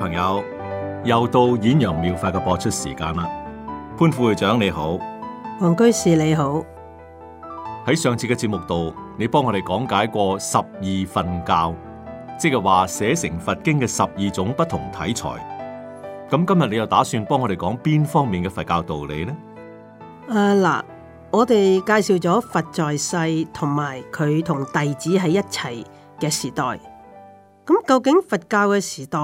朋友又到演揚妙、妙法嘅播出時間啦，潘副會長你好，黃居士你好。喺上次嘅節目度，你幫我哋講解過十二分教，即係話寫成佛經嘅十二種不同體裁。咁今日你又打算幫我哋講邊方面嘅佛教道理咧？誒嗱、呃，我哋介紹咗佛在世同埋佢同弟子喺一齊嘅時代。咁究竟佛教嘅時代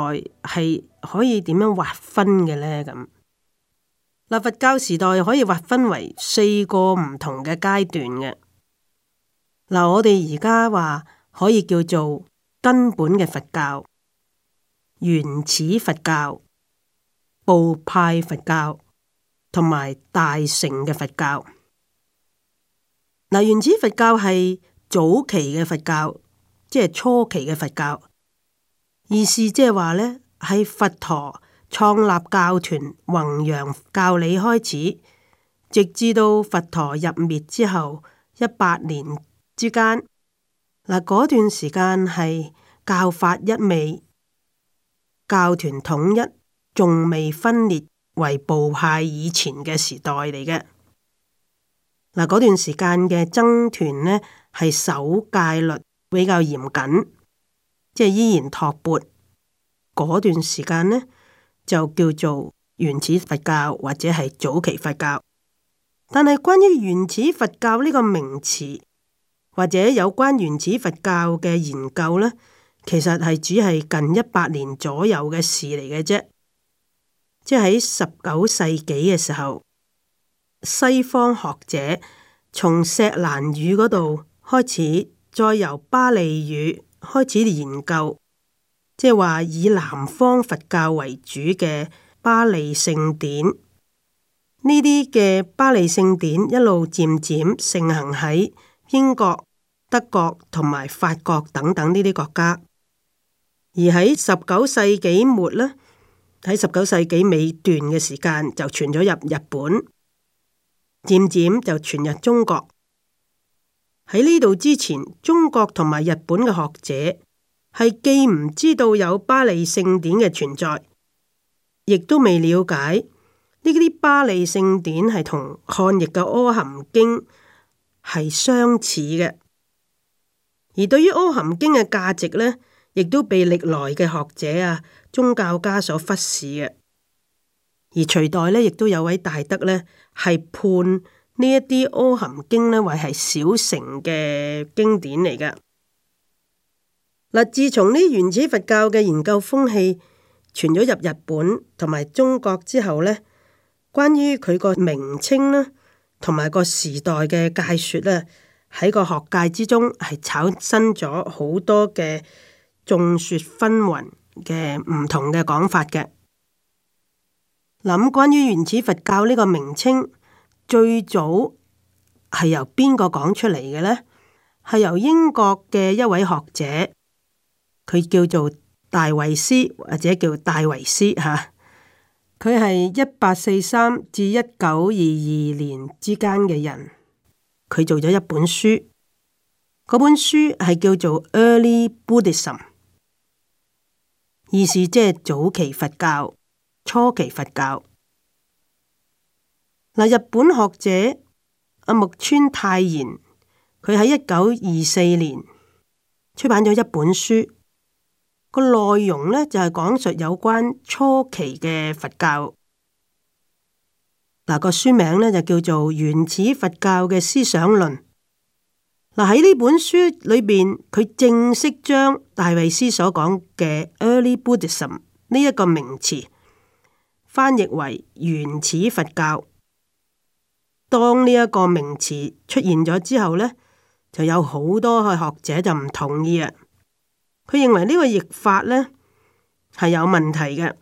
係可以點樣劃分嘅呢？咁嗱，佛教時代可以劃分為四個唔同嘅階段嘅。嗱，我哋而家話可以叫做根本嘅佛教、原始佛教、部派佛教同埋大乘嘅佛教。嗱，原始佛教係早期嘅佛教，即係初期嘅佛教。.意思即係話呢，喺佛陀創立教團、弘揚教理開始，直至到佛陀入滅之後一百年之間，嗱，嗰段時間係教法一味、教團統一，仲未分裂為部派以前嘅時代嚟嘅。嗱，嗰段時間嘅僧團呢，係守戒律比較嚴謹。即係依然托缽嗰段時間呢，就叫做原始佛教或者係早期佛教。但係關於原始佛教呢個名詞或者有關原始佛教嘅研究呢，其實係只係近一百年左右嘅事嚟嘅啫。即係喺十九世紀嘅時候，西方學者從錫蘭語嗰度開始，再由巴利語開始研究，即係話以南方佛教為主嘅巴利聖典，呢啲嘅巴利聖典一路漸漸盛，盛行喺英國、德國同埋法國等等呢啲國家，而喺十九世紀末呢，喺十九世紀尾段嘅時間就傳咗入日本，漸漸就傳入中國。喺呢度之前，中國同埋日本嘅學者係既唔知道有巴利聖典嘅存在，亦都未了解呢啲巴利聖典係同漢譯嘅《阿含經》係相似嘅。而對於《阿含經》嘅價值呢，亦都被歷來嘅學者啊、宗教家所忽視嘅。而隋代呢，亦都有位大德呢，係判。呢一啲阿含經呢，為係小乘嘅經典嚟㗎。嗱，自從呢原始佛教嘅研究風氣傳咗入日本同埋中國之後，呢關於佢個名稱呢，同埋個時代嘅界說呢，喺個學界之中係產生咗好多嘅眾說紛紜嘅唔同嘅講法嘅。諗關於原始佛教呢個名稱最早係由邊個講出嚟嘅呢？係由英國嘅一位學者，佢叫做戴維斯或者叫戴維斯嚇。佢係一八四三至一九二二年之間嘅人。佢做咗一本書，嗰本書係叫做、e《Early Buddhism》，意思即係早期佛教、初期佛教。日本學者阿木村泰賢，佢喺一九二四年出版咗一本書，個內容呢就係、是、講述有關初期嘅佛教。嗱，個書名呢就叫做《原始佛教嘅思想論》。嗱，喺呢本書裏邊，佢正式將戴衛斯所講嘅 Early Buddhism 呢一個名詞翻譯為原始佛教。當呢一個名詞出現咗之後呢，就有好多個學者就唔同意啊。佢認為呢個譯法呢係有問題嘅，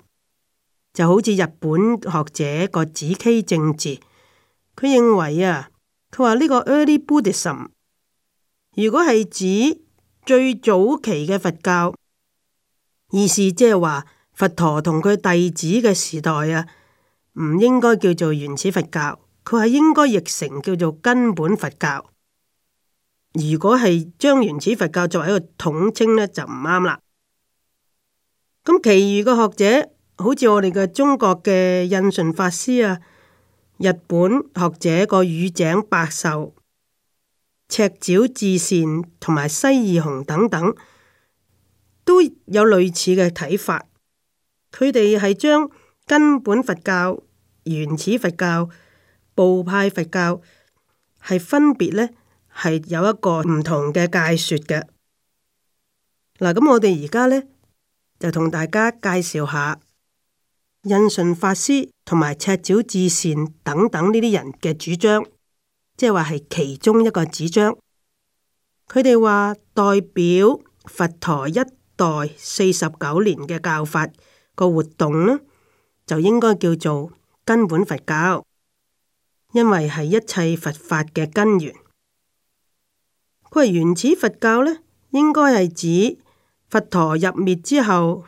就好似日本學者個子溪政治，佢認為啊，佢話呢個 early Buddhism 如果係指最早期嘅佛教，意思即係話佛陀同佢弟子嘅時代啊，唔應該叫做原始佛教。佢係應該譯成叫做根本佛教。如果係將原始佛教作為一個統稱呢，就唔啱啦。咁其餘個學者，好似我哋嘅中國嘅印順法師啊，日本學者個宇井百壽、赤沼智善同埋西義雄等等，都有類似嘅睇法。佢哋係將根本佛教、原始佛教、部派佛教係分別呢，係有一個唔同嘅界說嘅。嗱，咁我哋而家呢，就同大家介紹下印順法師同埋赤沼智善等等呢啲人嘅主張，即係話係其中一個主張。佢哋話代表佛陀一代四十九年嘅教法個活動呢，就應該叫做根本佛教。因為係一切佛法嘅根源，佢係原始佛教呢，應該係指佛陀入滅之後，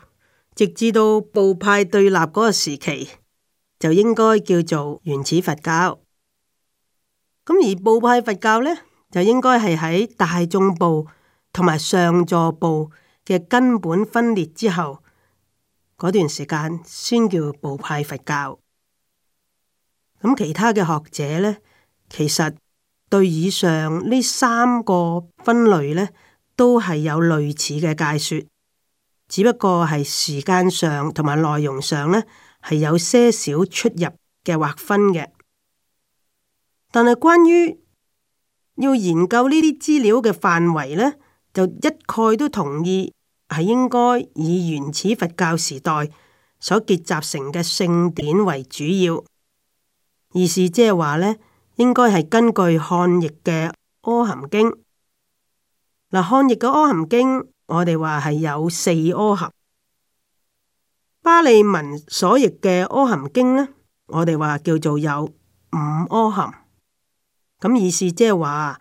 直至到部派對立嗰個時期，就應該叫做原始佛教。咁而部派佛教呢，就應該係喺大眾部同埋上座部嘅根本分裂之後，嗰段時間先叫部派佛教。咁其他嘅學者呢，其實對以上呢三個分類呢，都係有類似嘅解說，只不過係時間上同埋內容上呢，係有些少出入嘅劃分嘅。但係關於要研究呢啲資料嘅範圍呢，就一概都同意係應該以原始佛教時代所結集成嘅聖典為主要。意思即係話呢，應該係根據漢譯嘅阿含經。嗱，漢譯嘅阿含經，我哋話係有四阿含。巴利文所譯嘅阿含經呢，我哋話叫做有五阿含。咁意思即係話，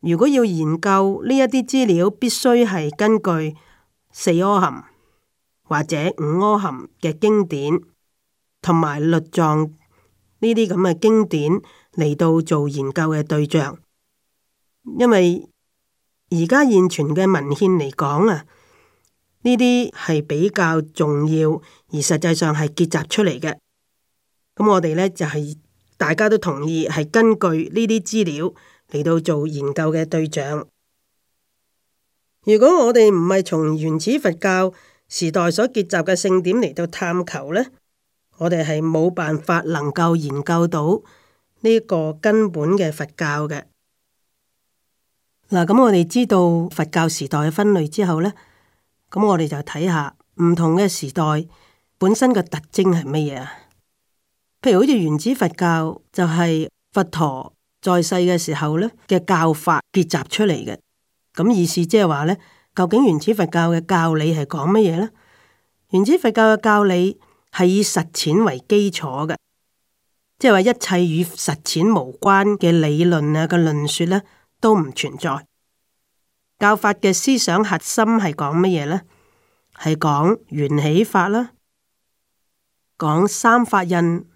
如果要研究呢一啲資料，必須係根據四阿含或者五阿含嘅經典，同埋律藏。呢啲咁嘅經典嚟到做研究嘅對象，因為而家現存嘅文獻嚟講啊，呢啲係比較重要，而實際上係結集出嚟嘅。咁我哋呢，就係、是、大家都同意係根據呢啲資料嚟到做研究嘅對象。如果我哋唔係從原始佛教時代所結集嘅聖典嚟到探求呢？我哋係冇辦法能夠研究到呢個根本嘅佛教嘅。嗱，咁我哋知道佛教時代嘅分類之後呢，咁我哋就睇下唔同嘅時代本身嘅特徵係乜嘢啊？譬如好似原始佛教就係佛陀在世嘅時候呢嘅教法結集出嚟嘅，咁意思即係話呢，究竟原始佛教嘅教理係講乜嘢呢？原始佛教嘅教理。係以實踐為基礎嘅，即係話一切與實踐無關嘅理論啊、嘅論說咧，都唔存在。教法嘅思想核心係講乜嘢咧？係講緣起法啦，講三法印，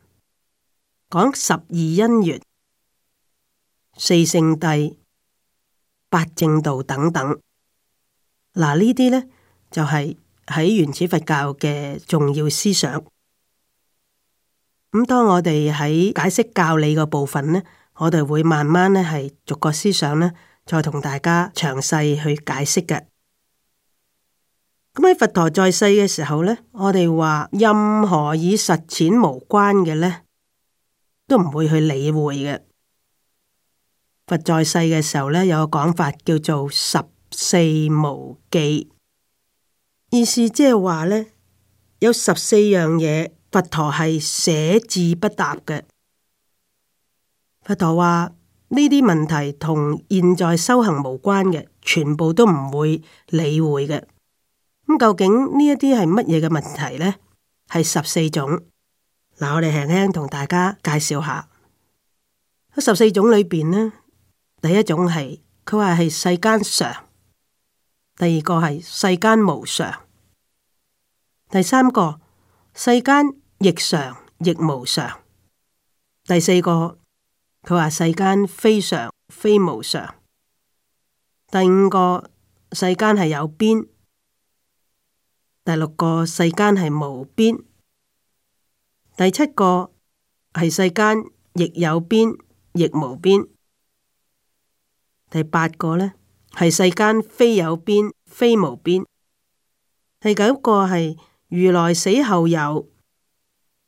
講十二因緣，四聖諦，八正道等等。嗱，呢啲咧就係、是。喺原始佛教嘅重要思想，咁當我哋喺解釋教理個部分呢，我哋會慢慢呢係逐個思想呢，再同大家詳細去解釋嘅。咁喺佛陀在世嘅時候呢，我哋話任何與實踐無關嘅呢，都唔會去理會嘅。佛在世嘅時候呢，有個講法叫做十四無記」。意思即係話呢，有十四樣嘢，佛陀係寫字不答嘅，捨置不答。佛陀話呢啲問題同現在修行無關嘅，全部都唔會理會嘅。咁究竟呢一啲係乜嘢嘅問題呢？係十四種。嗱，我哋輕輕同大家介紹下喺十四種裏邊呢，第一種係佢話係世間常。第二個係世間無常，第三個世間亦常亦無常，第四個佢話世間非常非無常，第五個世間係有邊，第六個世間係無邊，第七個係世間亦有邊亦無邊，第八個呢？係世間非有邊，非無邊。第九個係如來死後有，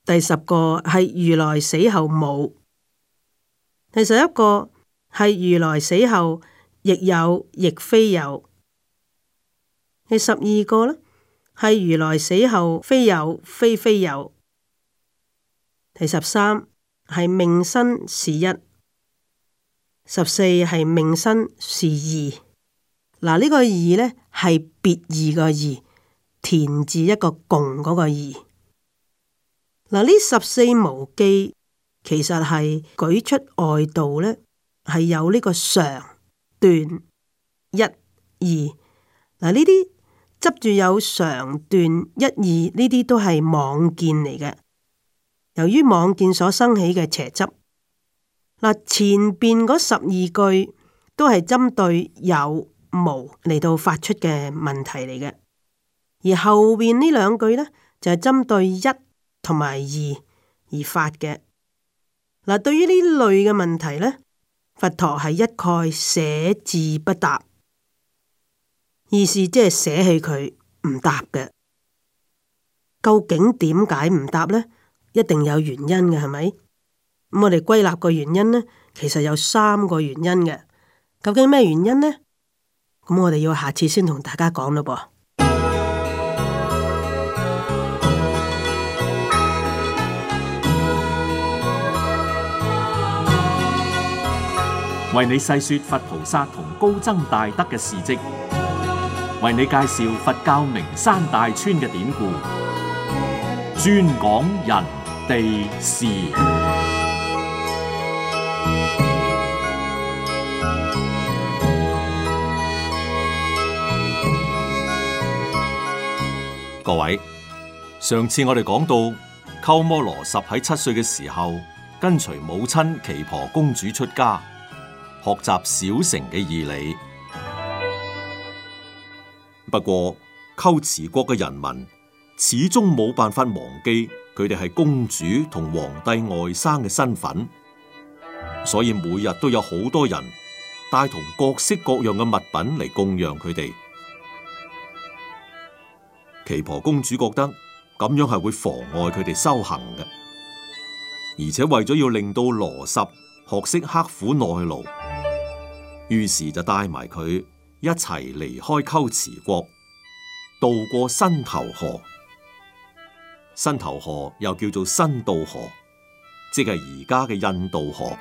第十個係如來死後冇。第十一個係如來死後亦有亦非有。第十二個呢，係如來死後非有非非有。第十三係命身是一，十四係命身是二。嗱，個呢個異呢係別異個異，填字一個共嗰個異。嗱，呢十四無記其實係舉出外道呢，係有呢個常斷一異。嗱，呢啲執住有常斷一異呢啲都係妄見嚟嘅。由於妄見所生起嘅邪執，嗱，前邊嗰十二句都係針對有。無嚟到發出嘅問題嚟嘅，而後邊呢兩句呢，就係、是、針對一同埋二而發嘅。嗱、啊，對於呢類嘅問題呢，佛陀係一概捨置不答，意思是即係捨棄佢唔答嘅。究竟點解唔答呢？一定有原因嘅，係咪？咁、嗯、我哋歸納個原因呢，其實有三個原因嘅。究竟咩原因呢？咁我哋要下次先同大家講嘞，噃。為你細說佛菩薩同高僧大德嘅事跡，為你介紹佛教名山大川嘅典故，專講人地事。各位，上次我哋講到鳩摩羅什喺七歲嘅時候跟隨母親耆婆公主出家，學習小乘嘅義理。 不過，龜茲國嘅人民始終冇辦法忘記佢哋係公主同皇帝外甥嘅身份，所以每日都有好多人帶同各式各樣嘅物品嚟供養佢哋。奇婆公主覺得咁樣係會妨礙佢哋修行嘅，而且為咗要令到羅什學識刻苦耐勞，於是就帶埋佢一齊離開溝池國，渡過新頭河。新頭河又叫做新渡河，即係而家嘅印度河。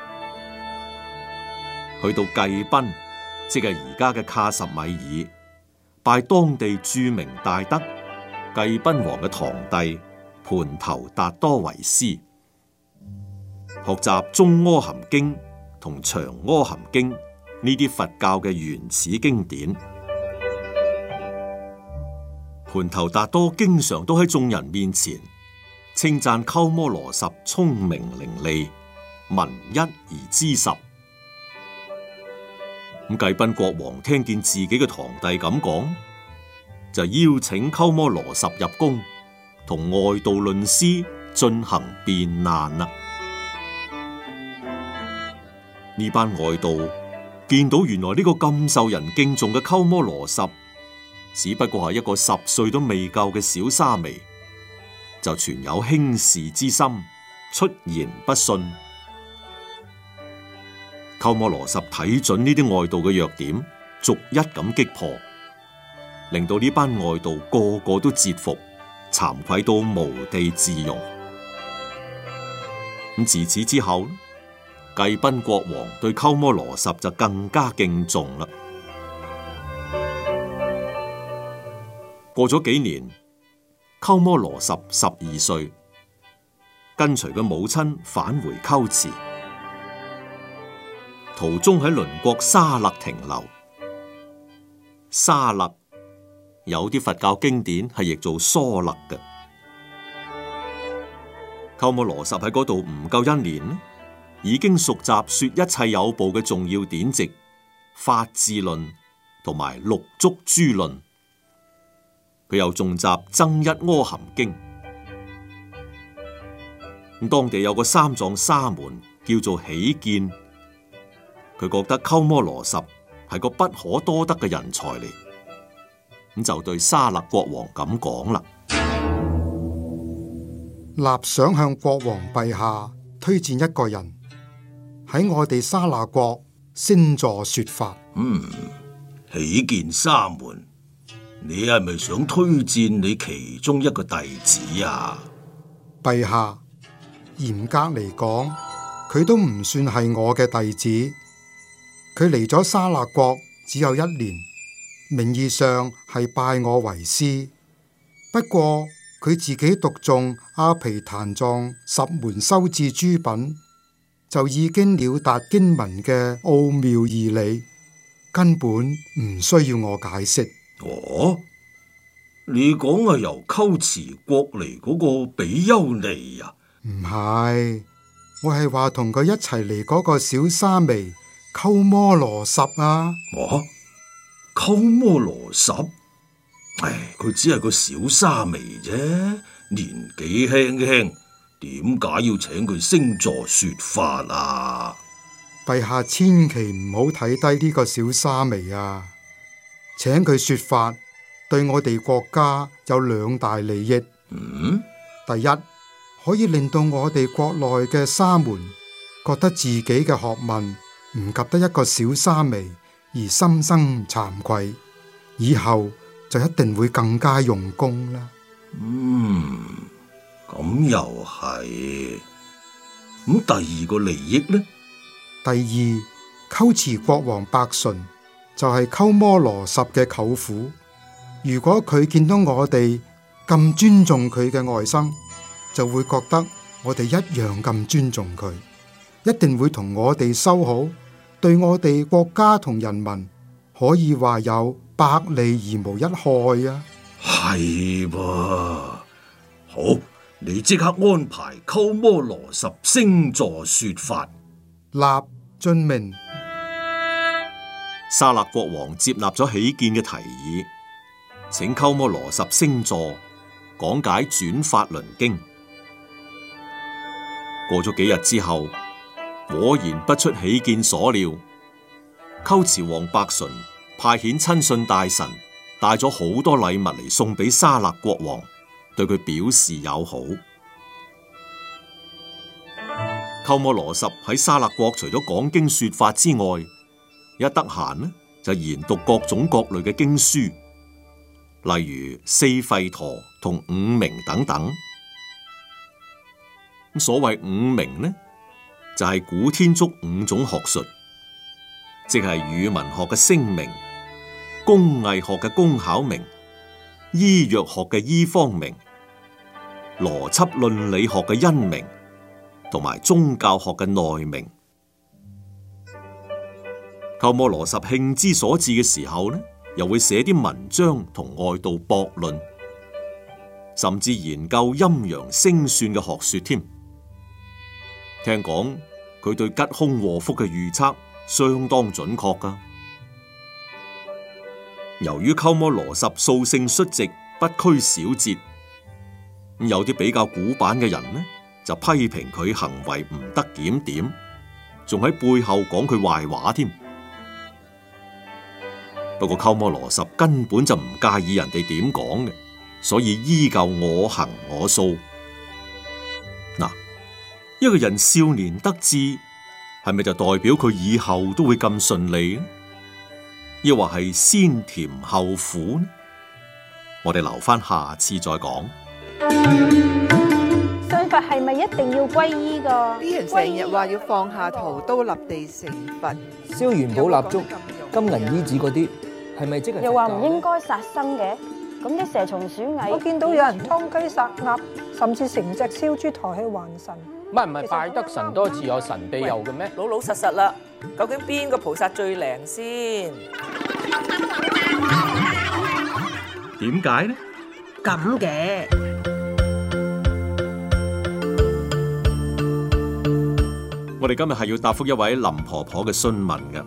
去到祭賓，即係而家嘅卡什米爾，拜當地著名大德。祭賓王嘅堂弟盤頭達多為斯，學習中阿含經同長阿含經呢啲佛教嘅原始經典。盤頭達多經常都喺眾人面前稱讚鳩摩羅什聰明伶俐，聞一而知十。咁祭賓國王聽見自己嘅堂弟咁講。就邀請鳩摩羅什入宮，同外道論師進行辯難啦。呢班外道見到原來呢個咁受人敬重嘅鳩摩羅什，只不過係一個十歲都未夠嘅小沙彌，就存有輕視之心，出言不遜。鳩摩羅什睇準呢啲外道嘅弱點，逐一咁擊破。令到呢班外道個個都折服，慚愧到無地自容。咁自此之後，罽賓國王對鳩摩羅什就更加敬重啦。過咗幾年，鳩摩羅什十二歲，跟隨佢母親返回龜茲，途中喺鄰國沙勒停留，沙勒。有啲佛教經典係譯做疏勒嘅。鳩摩羅什喺嗰度唔夠一年，已經熟習說一切有部嘅重要典籍《發智論》同埋《六足諸論》，佢又重習《增一阿含經》。咁當地有個三藏沙門叫做喜見，佢覺得鳩摩羅什係個不可多得嘅人才嚟。咁就對沙勒國王咁講啦，立想向國王陛下推薦一個人喺我哋沙勒國升座說法。嗯，喜見沙門，你係咪想推薦你其中一個弟子啊？陛下，嚴格嚟講，佢都唔算係我嘅弟子，佢嚟咗沙勒國只有一年。名義上係拜我為師，不過佢自己讀誦阿毗曇藏十門修字諸品，就已經了達經文嘅奧妙義理，根本唔需要我解釋。哦，你講係由龜茲國嚟嗰個比丘尼啊？唔係，我係話同佢一齊嚟嗰個小沙彌鳩摩羅什啊。我、哦。鳩摩羅什，唉，佢只係個小沙彌啫，年紀輕輕，點解要請佢升座說法啊？陛下千祈唔好睇低呢個小沙彌啊！請佢說法，對我哋國家有兩大利益。嗯，第一可以令到我哋國內嘅沙門覺得自己嘅學問唔及得一個小沙彌。而心生慚愧，以後就一定會更加用功啦。嗯，咁又係。咁第二個利益呢？第二，龜茲國王白純就係鳩摩羅什嘅舅父。如果佢見到我哋咁尊重佢嘅外甥，就會覺得我哋一樣咁尊重佢，一定會同我哋修好。對我哋國家同人民，可以話有百利而無一害啊！係噃，好，你即刻安排鳩摩羅什升座說法立遵命。沙勒國王接納咗喜見嘅提議，請鳩摩羅什升座講解《轉法輪經》。過咗幾日之後。果然不出喜見所料，龜茲王白純派遣親信大臣帶咗好多禮物嚟送俾沙勒國王，對佢表示友好。鳩摩羅什喺沙勒國除咗講經說法之外，一得閒呢就研讀各種各類嘅經書，例如四吠陀同五明等等。咁所謂五明呢？就係古天竺五種學術，即係語文學嘅聲明、工藝學嘅工巧明、醫藥學嘅醫方明、邏輯倫理學嘅因明，同埋宗教學嘅內明。鳩摩羅什興之所至嘅時候呢，又會寫啲文章同外道博論，甚至研究陰陽星算嘅學說添。聽講佢對吉凶禍福嘅預測相當準確噶由於鳩摩羅什素性率直，不拘小節，咁有啲比較古板嘅人呢，就批評佢行為唔得檢點，仲喺背後講佢壞話添。不過鳩摩羅什根本就唔介意人哋點講嘅，所以依舊我行我素。一個人少年得志，係咪就代表佢以後都會咁順利？抑或係先甜後苦？我哋留翻下，下次再講。信佛係咪一定要皈依噶？啲人成日話要放下屠刀立地成佛，燒元寶蠟燭、金銀衣紙嗰啲，係咪、嗯、即係？又話唔應該殺生嘅，咁啲蛇蟲鼠蟻，我見到有人劏雞殺鴨，甚至成隻燒豬抬去還神。唔唔係，拜得神多似有神庇佑嘅咩？老老實實啦，究竟邊個菩薩最靈先？點解呢？咁嘅。 我哋今日係要答复一位林婆婆嘅詢問噶。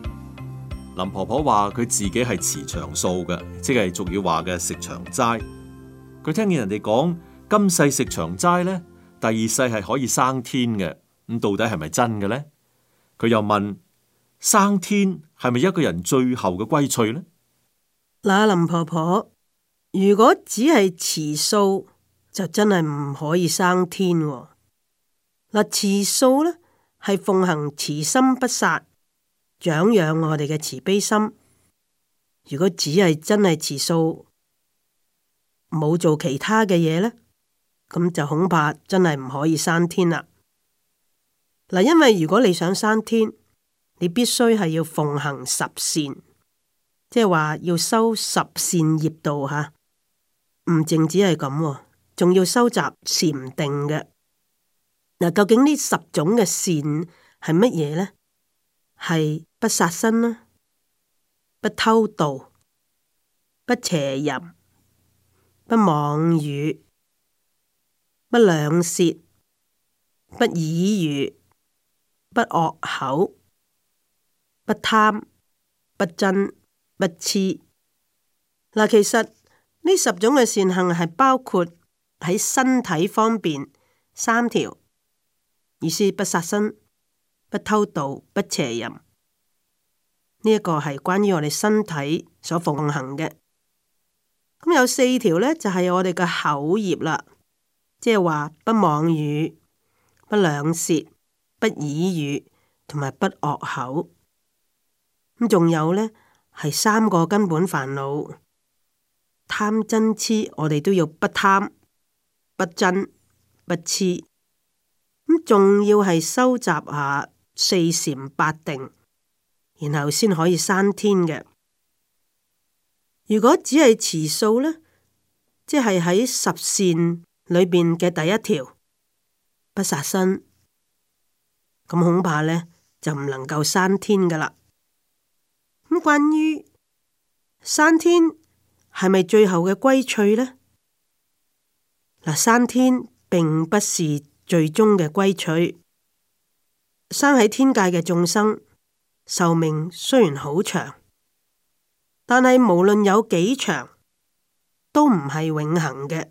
林婆婆話佢自己係持長素嘅，即係俗語話嘅食長齋。佢聽見人哋講今世食長齋呢？第二世係可以生天嘅，咁到底係咪真嘅呢？佢又問：「生天係咪一個人最後嘅歸趣呢？」嗱，林婆婆，如果只係持素，就真係唔可以生天哦。嗱，持素咧係奉行慈心不殺，長養我哋嘅慈悲心。如果只係真係持素，冇做其他嘅嘢呢？咁就恐怕真係唔可以生天啦。嗱，因為如果你想生天，你必須係要奉行十善，即係話要修十善業道吓。唔淨止係咁、哦，仲要收集禪定嘅。嗱，究竟呢十種嘅善係乜嘢呢？係不殺生啦，不偷盜，不邪淫，不妄語，不兩舌，不綺語，不惡口，不貪，不嗔，不痴。嗱，其實呢十種嘅善行係包括喺身體方面三條，意思不殺生，不偷盜，不邪淫。呢、這、一個係關於我哋身體所奉行嘅。咁有四條咧，就係、是、我哋嘅口業啦。即係話不妄語、不兩舌、不綺語同埋不惡口。咁、嗯、仲有呢，係三個根本煩惱：貪、嗔、痴。我哋都要不貪、不嗔、不痴。咁、嗯、仲要係收集下四禪八定，然後先可以生天嘅。如果只係持素呢，即係喺十善裏面嘅第一條不殺生，咁恐怕呢，就唔能夠生天噶啦。咁關於生天係咪最後嘅歸趣呢？嗱，生天並不是最終嘅歸趣。生喺天界嘅眾生壽命雖然好長，但係無論有幾長，都唔係永恒嘅。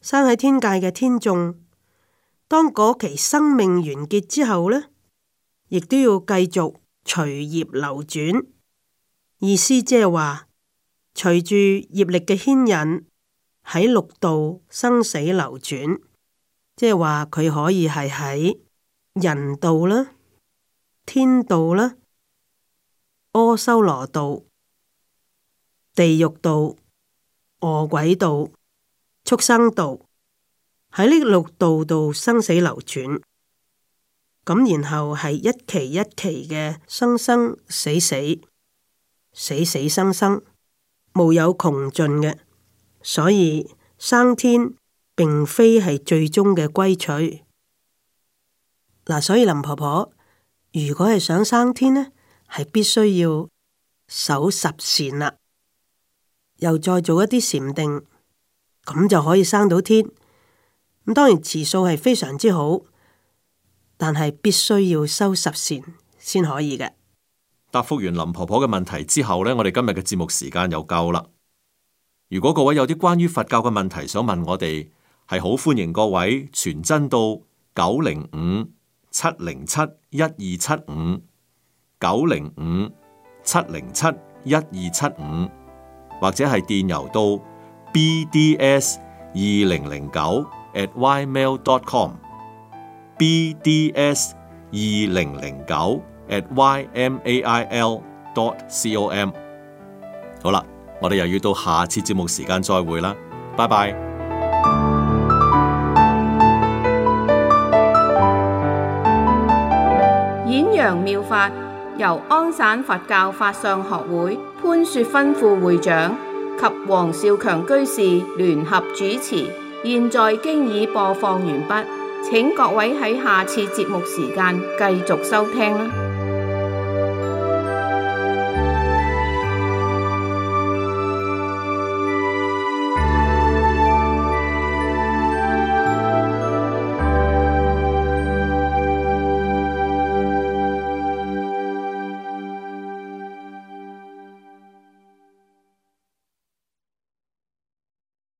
生喺天界嘅天眾，當嗰期生命完結之後呢，亦都要繼續隨業流轉。意思即係話，隨住業力嘅牽引，喺六道生死流轉，即係話佢可以係喺人道啦、天道啦、阿修羅道、地獄道、餓鬼道。畜生道喺呢六道度生死流轉，咁然後係一期一期嘅生生死死、死死生生，無有窮盡嘅。所以生天並非係最終嘅歸趣。嗱，所以林婆婆如果係想生天呢，係必須要守十善啦，又再做一啲禪定。咁就可以生到天，咁當然持素係非常之好，但係必須要修十善先可以嘅。答覆完林婆婆嘅問題之後呢，我哋今日嘅節目時間又夠啦。如果各位有啲關於佛教嘅問題想問我哋，係好歡迎各位傳真到九零五七零七一二七五九零五七零七一二七五，75, 75, 或者係電郵到。BDS 二零零九 at ymail dot com，BDS 二零零九 at ymail dot com。Com 好啦，我哋又要到下次節目時間再會啦，拜拜。演揚妙法由安省佛教法相學會潘雪芬副會長及王少強居士聯合主持，現在經已播放完畢。請各位喺下次節目時間繼續收聽。